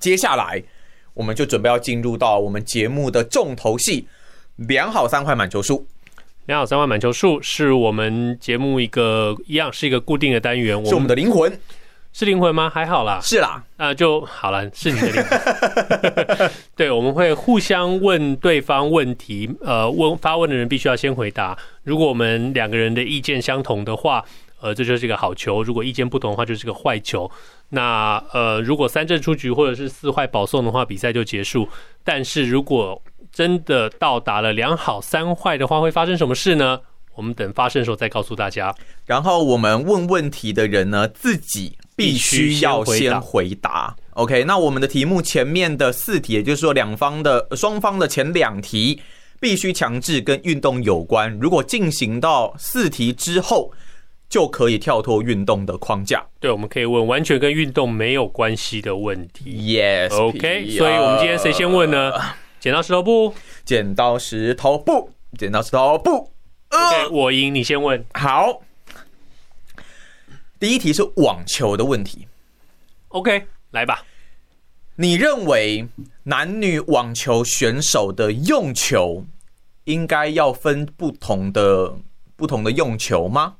接下來，我們就準備要進入到我們節目的重頭戲——兩好三壞滿球數。兩好三壞滿球數是我們節目一個一樣是一個固定的單元，是我們的靈魂，是靈魂嗎？還好啦，是啦、呃，那就好了，是你的靈魂。 對，我們會互相問對方問題，呃，問發問的人必須要先回答。如果我們兩個人的意見相同的話，呃，這就是一個好球；如果意見不同的話，就是一個壞球。那呃，如果三振出局或者是四壞保送的話，比賽就結束。但是如果真的到達了兩好三壞的話，會發生什麼事呢？我們等發生的時候再告訴大家。然後我們問問題的人呢，自己必須要先回答。OK，那我們的題目前面的四題，也就是說兩方的雙方的前兩題必須強制跟運動有關。如果進行到四題之後。就可以跳脫運動的框架。對，我們可以問完全跟運動沒有關係的問題。Yes，OK、okay。所以，我們今天誰先問呢？呃，剪刀石頭布。剪刀石頭布。剪刀石頭布。呃，OK，我贏，你先問。好，第一題是網球的問題。OK，來吧。你認為男女網球選手的用球應該要分不同的不同的用球嗎？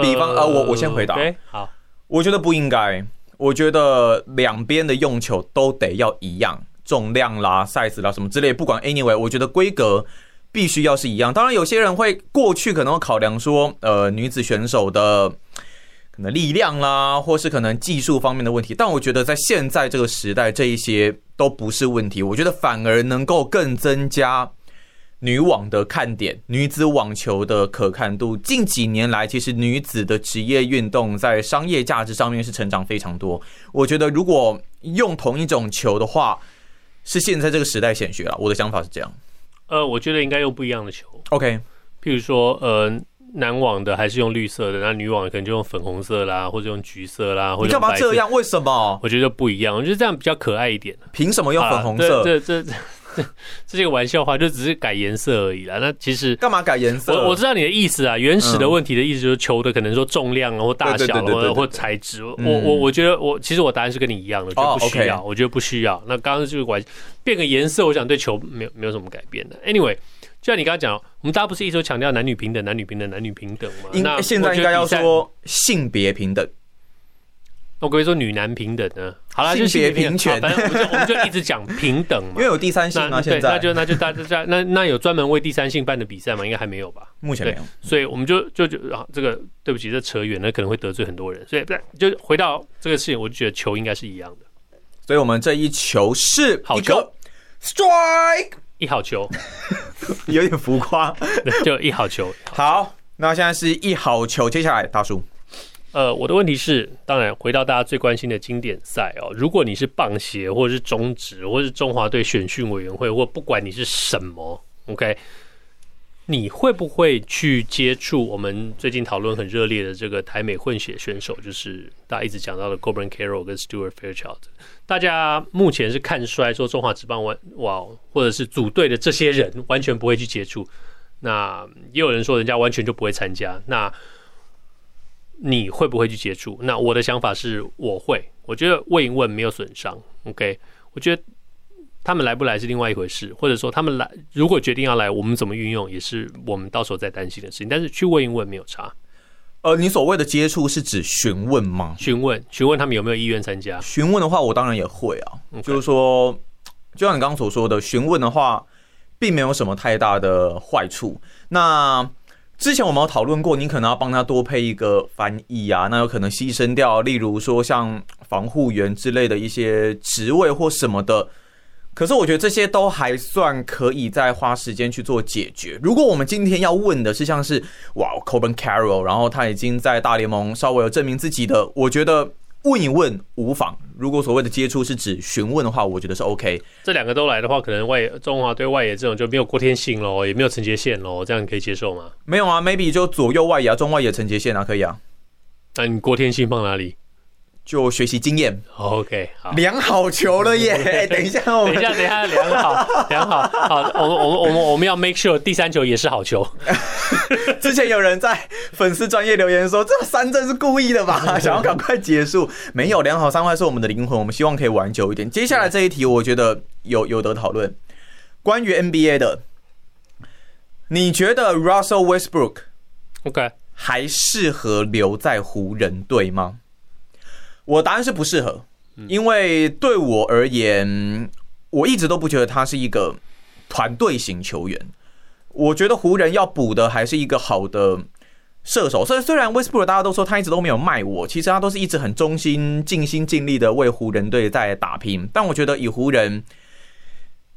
比方，呃，我我先回答。Okay, 好，我覺得不應該。我覺得兩邊的用球都得要一樣，重量啦、size 啦什麼之類。不管 anyway，我覺得規格必須要是一樣。當然，有些人會過去可能會考量說，呃，女子選手的可能力量啦，或是可能技術方面的問題。但我覺得在現在這個時代，這一些都不是問題。我覺得反而能夠更增加。女網的看點，女子網球的可看度，近幾年來其實女子的職業運動在商業價值上面是成長非常多。我覺得如果用同一種球的話，是現在這個時代顯學了。我的想法是這樣，呃，我覺得應該用不一樣的球。OK，譬如說，呃，男網的還是用綠色的，那女網可能就用粉紅色啦，或者用橘色啦，或者你幹嘛這樣？為什麼？我覺得就不一樣，我覺得這樣比較可愛一點。憑什麼用粉紅色？這、呃、這。 這這個玩笑話，就只是改顏色而已啦。那其實幹嘛改顏色？我我知道你的意思啊。原始的問題的意思就是球的可能說重量啊，或大小啊，或材質。我我我覺得我其實我答案是跟你一樣的，就不需要。我覺得不需要。Oh, okay. 我覺得不需要，那剛剛就是玩變個顏色，我想對球沒有沒有什麼改變的。Anyway，就像你剛剛講，我們大家不是一直都強調男女平等、男女平等、男女平等嗎？那現在應該要說性別平等。我、哦、可以說女男平等的，好了，性別平權、啊，反正我們就我們就一直講平等嘛， 因為有第三性那、啊、現在對，那就那就大家在那那，那有專門為第三性辦的比賽嗎？應該還沒有吧，目前沒有，所以我們就就就、啊、這個對不起，這扯遠了，可能會得罪很多人，所以就回到這個事情，我就覺得球應該是一樣的，所以我們這一球是一好球，strike 一好球， 有點浮誇， 就一好球，好球，好，那現在是一好球，接下來大叔。呃，我的問題是，當然回到大家最關心的經典賽哦。如果你是棒協，或者是中職，或者是中華隊選訓委員會，或不管你是什麼，OK，你會不會去接觸我們最近討論很熱烈的這個台美混血選手？就是大家一直講到的 Corbin Carroll 跟 Stuart Fairchild。大家目前是看衰說中華職棒完哇、哦，或者是組隊的這些人完全不會去接觸。那也有人說人家完全就不會參加。那你會不會去接觸？那我的想法是，我會。我覺得問一問沒有損傷，OK。我覺得他們來不來是另外一回事，或者說他們來，如果決定要來，我們怎麼運用也是我們到時候再擔心的事情。但是去問一問沒有差。呃，你所謂的接觸是指詢問嗎？詢問，詢問他們有沒有意願參加。詢問的話，我當然也會啊，OK。就是說，就像你剛剛所說的，詢問的話，並沒有什麼太大的壞處。那之前我們有討論過，你可能要幫他多配一個翻譯啊，那有可能犧牲掉，例如說像防護員之類的一些職位或什麼的。可是我覺得這些都還算可以再花時間去做解決。如果我們今天要問的是像是哇，Corbin Carroll，然後他已經在大聯盟稍微有證明自己的，我覺得。問一問無妨，如果所謂的接觸是指詢問的話，我覺得是 OK。這兩個都來的話，可能外中華對外野這種就沒有郭天信咯，也沒有陳傑憲咯，這樣你可以接受嗎？沒有啊，maybe 就左右外野啊，中外野陳傑憲啊，可以啊。那你郭天信放哪裡？就學習經驗，OK，好，兩好球了耶！Okay. 欸、等一下我們，等一下，等一下，兩好， 兩好，好，我們我們我們我們要 make sure 第三球也是好球。 之前有人在粉絲專頁留言說， 這三振是故意的吧？ 想要趕快結束？沒有，兩好三壞是我們的靈魂，我們希望可以玩久一點。接下來這一題，我覺得有有得討論。關於 NBA 的，你覺得 Russell Westbrook OK 還適合留在湖人隊嗎？我答案是不適合，因為對我而言，我一直都不覺得他是一個團隊型球員。我覺得湖人要補的還是一個好的射手。所以雖然雖然 Westbrook 大家都說他一直都沒有賣我，其實他都是一直很忠心、盡心盡力的為湖人隊在打拼。但我覺得以湖人。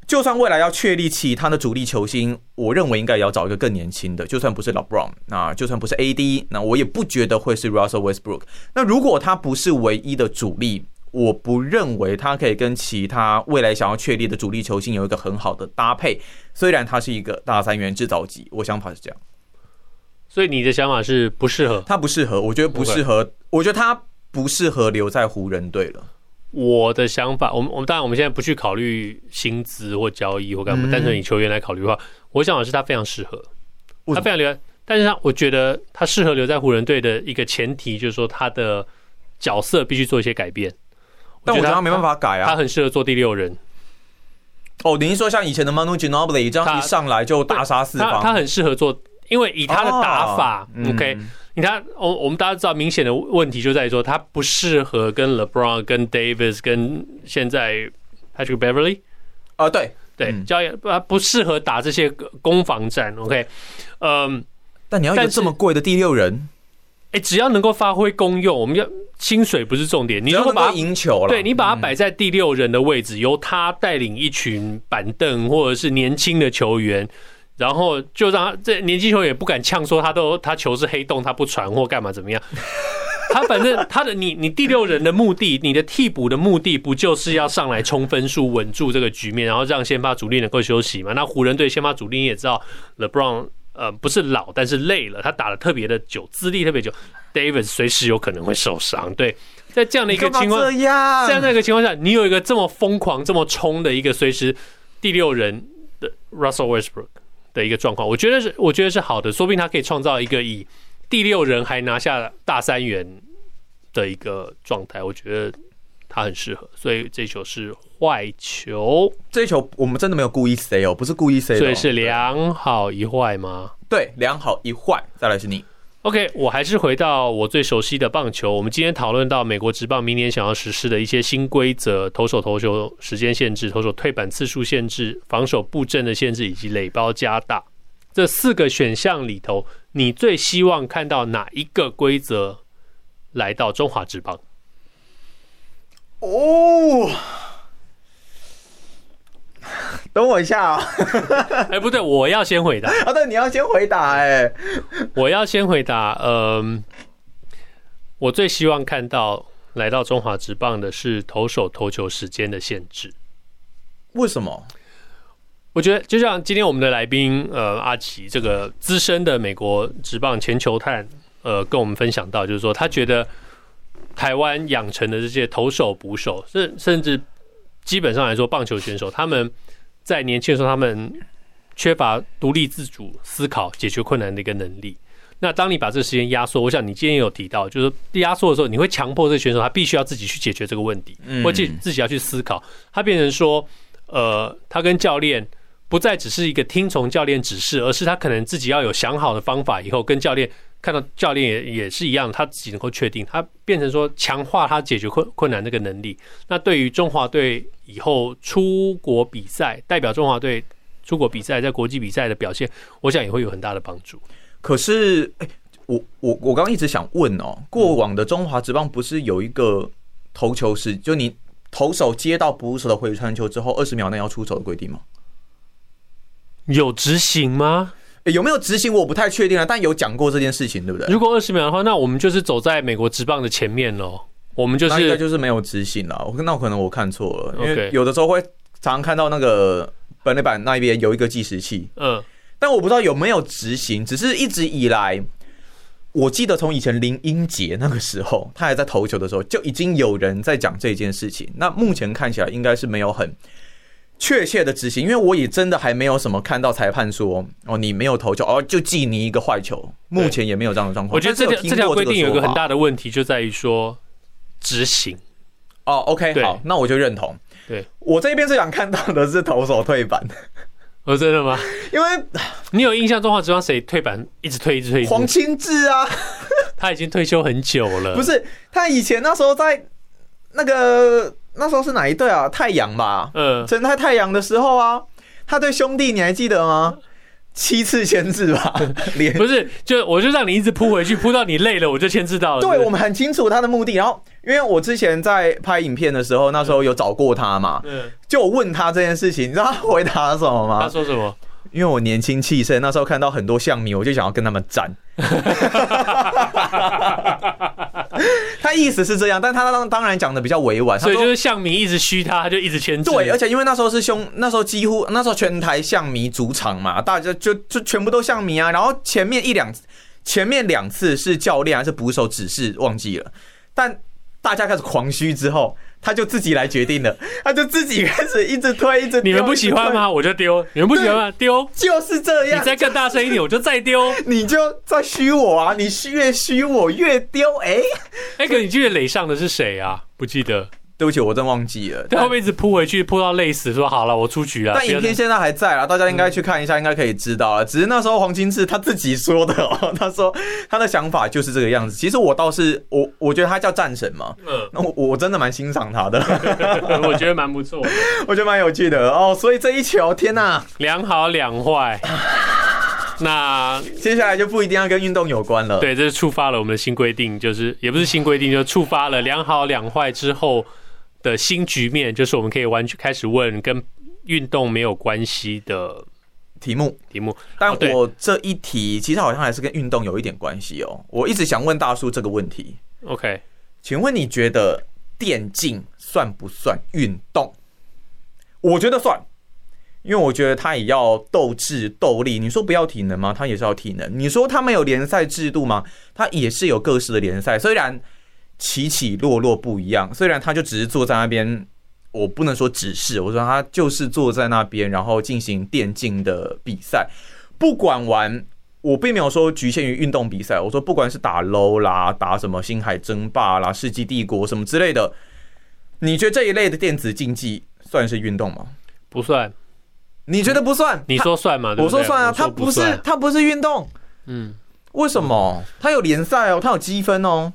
就算未來要確立其他的主力球星，我認為應該也要找一個更年輕的。就算不是 LeBron 啊，就算不是 AD，那我也不覺得會是 Russell Westbrook。那如果他不是唯一的主力，我不認為他可以跟其他未來想要確立的主力球星有一個很好的搭配。雖然他是一個大三元製造機，我想法是這樣。所以你的想法是不適合，他不適合，我覺得不適合，Okay. 我覺得他不適合留在湖人隊了。我的想法，我們我們當然我們現在不去考慮薪資或交易或幹嘛，單純以球員來考慮的話，嗯、我想的是他非常適合，他非常留，但是他我覺得他適合留在湖人隊的一個前提就是說他的角色必須做一些改變。我覺得，但我覺得他沒辦法改啊，他很適合做第六人。哦，等於說像以前的 Manu Ginobili 這樣一上來就大殺四方，他，他，他很適合做。因為以他的打法、哦、OK、嗯、你看，我我們大家知道，明顯的問題就在於說，他不適合跟 LeBron、跟 Davis、跟現在 Patrick Beverly 啊、哦，對對，交、嗯、易不不適合打這些攻防戰，OK，嗯，但你要有這麼貴的第六人，哎、欸，只要能夠發揮功用，我們要薪水不是重點，你把他只要把贏球了，對你把他擺在第六人的位置，嗯、由他帶領一群板凳或者是年輕的球員。然後就讓他這年輕球員也不敢嗆說他都他球是黑洞他不傳或幹嘛怎麼樣？他反正他的你你第六人的目的，你的替補的目的不就是要上來衝分數穩住這個局面，然後讓先發主力能夠休息嘛？那湖人隊先發主力你也知道，LeBron 呃不是老，但是累了，他打的特別的久，資歷特別久 Davis 隨時有可能會受傷。對，在這樣的一個情況，這樣一個情況下，你有一個這麼瘋狂這麼衝的一個隨時第六人的 Russell Westbrook。的一個狀況，我覺得是我覺得是好的，說不定他可以創造一個以第六人還拿下大三元的一個狀態，我覺得他很適合，所以這球是壞球，這球我們真的沒有故意塞哦，不是故意塞，哦，所以是兩好一壞嗎？對，兩好一壞，再來是你。OK，我還是回到我最熟悉的棒球。我們今天討論到美國職棒明年想要實施的一些新規則：投手投球時間限制、投手退板次數限制、防守布陣的限制以及壘包加大。這四個選項裡頭，你最希望看到哪一個規則來到中華職棒？哦！等我一下啊！哎，不對，我要先回答。好的，你要先回答。哎，我要先回答。嗯，我最希望看到來到中華職棒的是投手投球時間的限制。為什麼？我覺得就像今天我們的來賓，呃，阿奇這個資深的美國職棒全球探，呃，跟我們分享到，就是說他覺得台灣養成的這些投手捕手，甚至。基本上來說，棒球選手他們在年輕的時候，他們缺乏獨立自主思考、解決困難的一個能力。那當你把這個時間壓縮，我想你今天也有提到，就是壓縮的時候，你會強迫這個選手他必須要自己去解決這個問題，或者自己要去思考，他變成說，呃，他跟教練不再只是一個聽從教練指示，而是他可能自己要有想好的方法以後跟教練。看到教練也也是一樣，他自己能夠確定，他變成說強化他解決困困難那個能力。那對於中華隊以後出國比賽，代表中華隊出國比賽，在國際比賽的表現，我想也會有很大的幫助。可是，哎、欸，我我我剛剛一直想問哦、喔，過往的中華職棒不是有一個投球時、嗯，就你投手接到捕手的回傳球之後，二十秒內要出手的規定嗎？有執行嗎？欸、有沒有執行？我不太確定了，但有講過這件事情，對不對？如果二十秒的話，那我們就是走在美國職棒的前面嘍。我們就是應該就是沒有執行了、啊。我那可能我看錯了，因為有的時候會常常看到那個本壘板那一邊有一個計時器。嗯，但我不知道有沒有執行，只是一直以來，我記得從以前林英傑那個時候他還在投球的時候，就已經有人在講這件事情。那目前看起來應該是沒有很。確切的執行，因為我也真的還沒有什麼看到裁判說哦，你沒有投球哦，就記你一個壞球。目前也沒有這樣的狀況。我覺得這條這條規定有一個很大的問題，就在於說執行。哦，OK，好，那我就認同。對我這邊最想看到的是投手退板。我、哦、真的嗎？因為你有印象中華職棒誰退板一直退一直退一？黃清志啊， 他已經退休很久了。不是，他以前那時候在那個。那時候是哪一隊啊？太陽吧，嗯、呃，誠泰太陽的時候啊，他對兄弟你還記得嗎？七次牽制吧，連 不是，就我就讓你一直撲回去，撲 到你累了，我就牽制到了。是是。對，我們很清楚他的目的。然後，因為我之前在拍影片的時候，那時候有找過他嘛，嗯、呃呃，就我問他這件事情，你知道他回答什麼嗎？他說什麼？因為我年輕氣盛，那時候看到很多像你，我就想要跟他們戰。 他意思是這樣，但他當當然講的比較委婉，所以就是象迷一直噓他，他就一直牽制。對，而且因為那時候是兄，那時候幾乎那時候全台象迷主場嘛，大家就就全部都象迷啊。然後前面一兩，前面兩次是教練還、啊、是捕手指示忘記了，但大家開始狂噓之後。他就自己來決定了，他就自己開始一直推，一直推，你們不喜歡嗎？我就丟，你們不喜歡嗎？丟，就是這樣。你再更大聲一點，就是，我就再丟，你就再虛我啊！你越虛我越丟，哎、欸、哎、欸，可你記得壘上的是誰啊？不記得。對不起，我真忘記了。但後面一直撲回去，撲到累死，說好了我出局了。但影片現在還在啊，大家應該去看一下，嗯、應該可以知道啊。只是那時候黃金智他自己說的哦、喔，他說他的想法就是這個樣子。其實我倒是我我覺得他叫戰神嘛，那、嗯、我我真的蠻欣賞他的，嗯、 我覺得蠻不錯， 我覺得蠻有趣的哦、喔。所以這一球，天吶，兩好兩壞。 那接下來就不一定要跟運動有關了。對，這是觸發了我們的新規定，就是也不是新規定，就是觸發了兩好兩壞之後。的新局面就是我們可以完全開始問跟運動沒有關係的題目。題目，但我這一題其實好像還是跟運動有一點關係哦。我一直想問大叔這個問題。OK，請問你覺得電競算不算運動？我覺得算，因為我覺得他也要鬥智鬥力。你說不要體能嗎？他也是要體能。你說他沒有聯賽制度嗎？他也是有各式的聯賽，雖然。起起落落不一樣，雖然他就只是坐在那邊，我不能說只是，我說他就是坐在那邊，然後進行電競的比賽。不管玩，我並沒有說局限於運動比賽，我說不管是打 LO 啦，打什麼星海爭霸啦、世紀帝國什麼之類的。你覺得這一類的電子競技算是運動嗎？不算。你覺得不算？嗯，你說算嗎？我說算啊，我說不算，他不是，他不是運動。嗯，為什麼？他有聯賽哦，他有積分哦。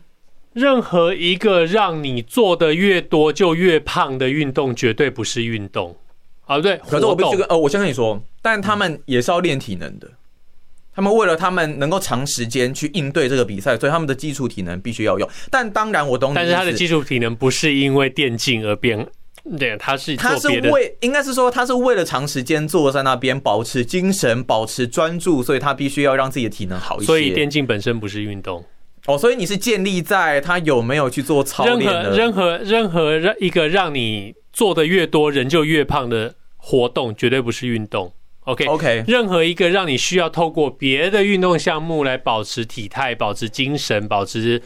任何一個讓你做的越多就越胖的運動，絕對不是運動。啊，對，可是我必須跟，呃，我先跟你說，但他們也是要練體能的，嗯。他們為了他們能夠長時間去應對這個比賽，所以他們的基礎體能必須要用。但當然我懂，但是他的基礎體能不是因為電競而變，對，他是他是為應該是說他是為了長時間坐在那邊保持精神、保持專注，所以他必須要讓自己的體能好一些。所以電競本身不是運動。哦，所以你是建立在他有沒有去做操練的？任何任何任何一個讓你做的越多，人就越胖的活動，絕對不是運動。OK OK，任何一個讓你需要透過別的運動項目來保持體態、保持精神、保持。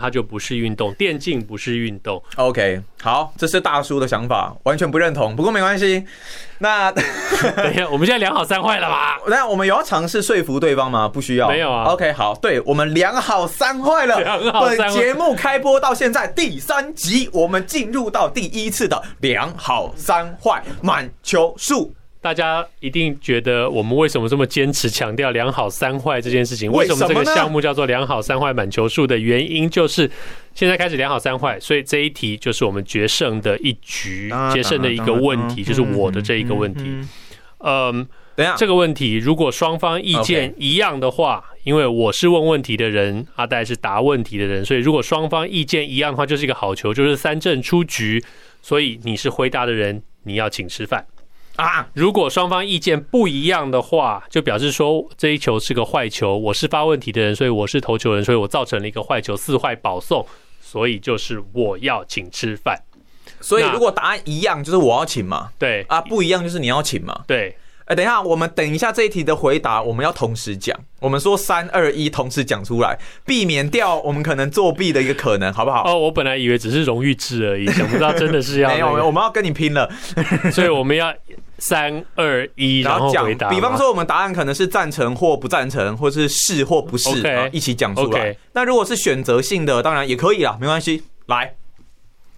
他就不是運動，電競不是運動。OK，好，這是大叔的想法，完全不認同。不過沒關係，那 等一下，我們現在兩好三壞了吧？那我們有要嘗試說服對方嗎？不需要，沒有啊。OK，好，對，我們兩好三壞了，兩好三壞。本節目開播到現在第三集，我們進入到第一次的兩好三壞滿球數。大家一定覺得我們為什麼這麼堅持強調兩好三壞這件事情？為什麼這個項目叫做兩好三壞滿球數的原因，就是現在開始兩好三壞，所以這一題就是我們決勝的一局，決勝的一個問題，就是我的這一個問題。嗯，這個問題，如果雙方意見一樣的話，因為我是問問題的人，阿呆是答問題的人，所以如果雙方意見一樣的話，就是一個好球，就是三振出局。所以你是回答的人，你要請吃飯。啊，如果雙方意見不一樣的話，就表示說這一球是個壞球，我是發問題的人，所以我是投球人，所以我造成了一個壞球，四壞保送，所以就是我要請吃飯。所以如果答案一樣，就是我要請嘛？對。啊，不一樣就是你要請嘛？對。哎、欸，等一下，我們等一下這一題的回答，我們要同時講。我們說三二一，同時講出來，避免掉我們可能作弊的一個可能，好不好？哦，我本來以為只是榮譽制而已，想不到真的是要，那個、 沒有，我們要跟你拼了。 所以我們要三二一，然後回答。比方說，我們答案可能是贊成或不贊成，或是是或不是，okay, 一起講出來。那，okay. 如果是選擇性的，當然也可以啦，沒關係。來，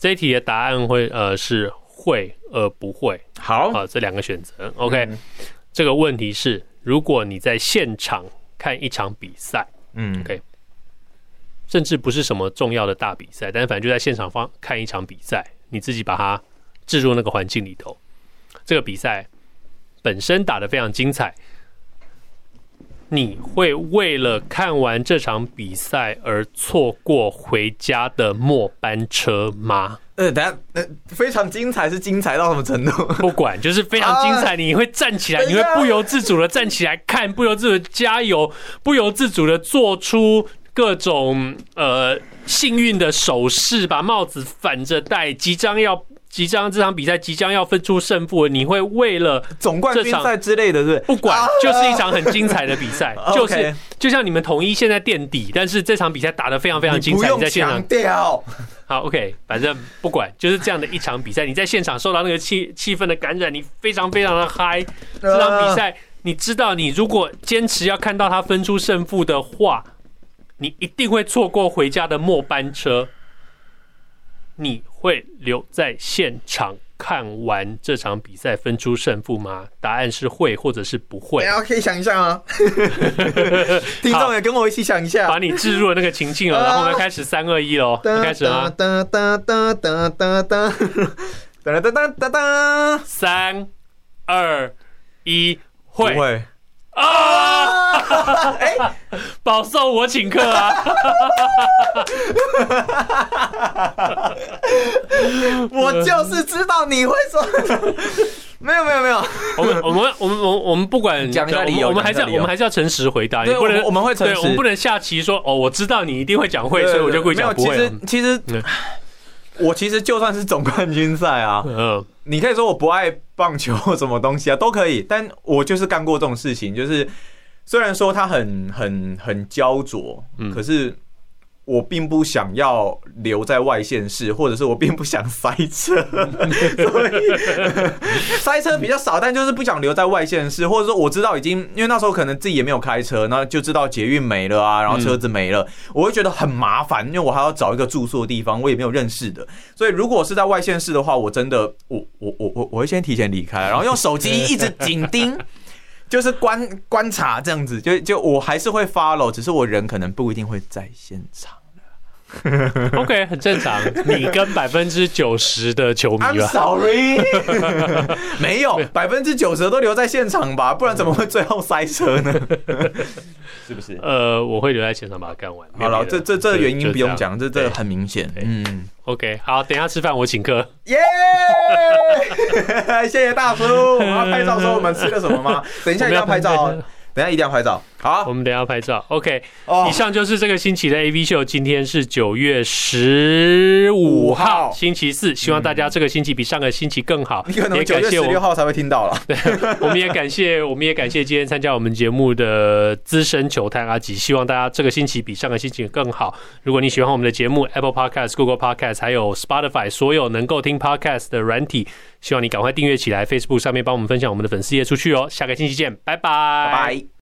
這一題的答案會呃是會。呃，不會好，好、呃、好這兩個選擇，OK、嗯。這個問題是，如果你在現場看一場比賽，嗯，OK，甚至不是什麼重要的大比賽，但反正就在現場方看一場比賽，你自己把它置入那個環境裡頭，這個比賽本身打得非常精彩。你會為了看完這場比賽而錯過回家的末班車嗎？呃，等下，呃，非常精彩，是精彩到什麼程度？不管，就是非常精彩。啊、你會站起來，你會不由自主的站起來看，不由自主的加油，不由自主的做出各種呃幸運的手勢，把帽子反着戴，即將要。即將這場比賽即將要分出勝負，你會為了總冠軍賽之類的，對，不管，就是一場很精彩的比賽，就是就像你們統一現在墊底，但是這場比賽打得非常非常精彩。你在現場，好，OK，反正不管，就是這樣的一場比賽，你在現場受到那個氣氣氛的感染，你非常非常的嗨。這場比賽，你知道，你如果堅持要看到他分出勝負的話，你一定會錯過回家的末班車。你。會留在現場看完這場比賽分出勝負嗎？答案是會，或者是不會。然後可以想一下嗎？聽 眾也跟我一起想一下，把你置入那個情境哦，然後我們開始三二一嘍，uh, 開始嗎？噠噠噠噠噠噠噠噠噠噠噠三二一會 3, 2, 1, 不會啊！Uh! 哎、 欸，保送我請客啊 ！ 我就是知道你會說， 沒有沒有沒有，我們我們我們我 我們不管講一下理由，我們還是要我們還是要誠實回答，不能我們會誠實，我們不能下棋說哦，我知道你一定會講會，所以我就故意講不會。其實其實，我其實就算是總冠軍賽啊，你可以說我不愛棒球或什麼東西啊，都可以，但我就是幹過這種事情，就是。雖然說他很很很焦灼，嗯、可是我並不想要留在外縣市，或者是我並不想塞車， 所以塞車比較少，但就是不想留在外縣市，或者說我知道已經，因為那時候可能自己也沒有開車，那就知道捷運沒了啊，然後車子沒了，嗯、我會覺得很麻煩，因為我還要找一個住宿的地方，我也沒有認識的，所以如果是在外縣市的話，我真的，我我我我我會先提前離開，然後用手機一直緊盯。 就是觀觀察這樣子，就就我還是會 follow，只是我人可能不一定會在現場。 OK，很正常。你跟百分之九十的球迷啊，Sorry， 沒有百分之九十都留在現場吧？不然怎麼會最後塞車呢？ 是不是？呃，我會留在現場把它幹完。好了，這這這原因不用講，這這很明顯。嗯，OK，好，等一下吃飯我請客。耶、yeah! 謝謝大叔。我們要拍照說我們吃了什麼嗎？等一下一定要拍照，等一下一定要拍照。好、啊，我們等一下拍照。OK、哦、以上就是這個星期的 AV 秀。今天是九月十五號，星期四。希望大家這個星期比上個星期更好。嗯，也感謝我，你可能九月十六號才會聽到了。對，我們也感謝， 我們也感謝今天參加我們節目的資深球探阿吉。希望大家這個星期比上個星期更好。如果你喜歡我們的節目，Apple Podcast、Google Podcast 還有 Spotify，所有能夠聽 Podcast 的軟體，希望你趕快訂閱起來。Facebook 上面幫我們分享我們的粉絲頁出去哦，喔。下個星期見，拜拜。拜拜。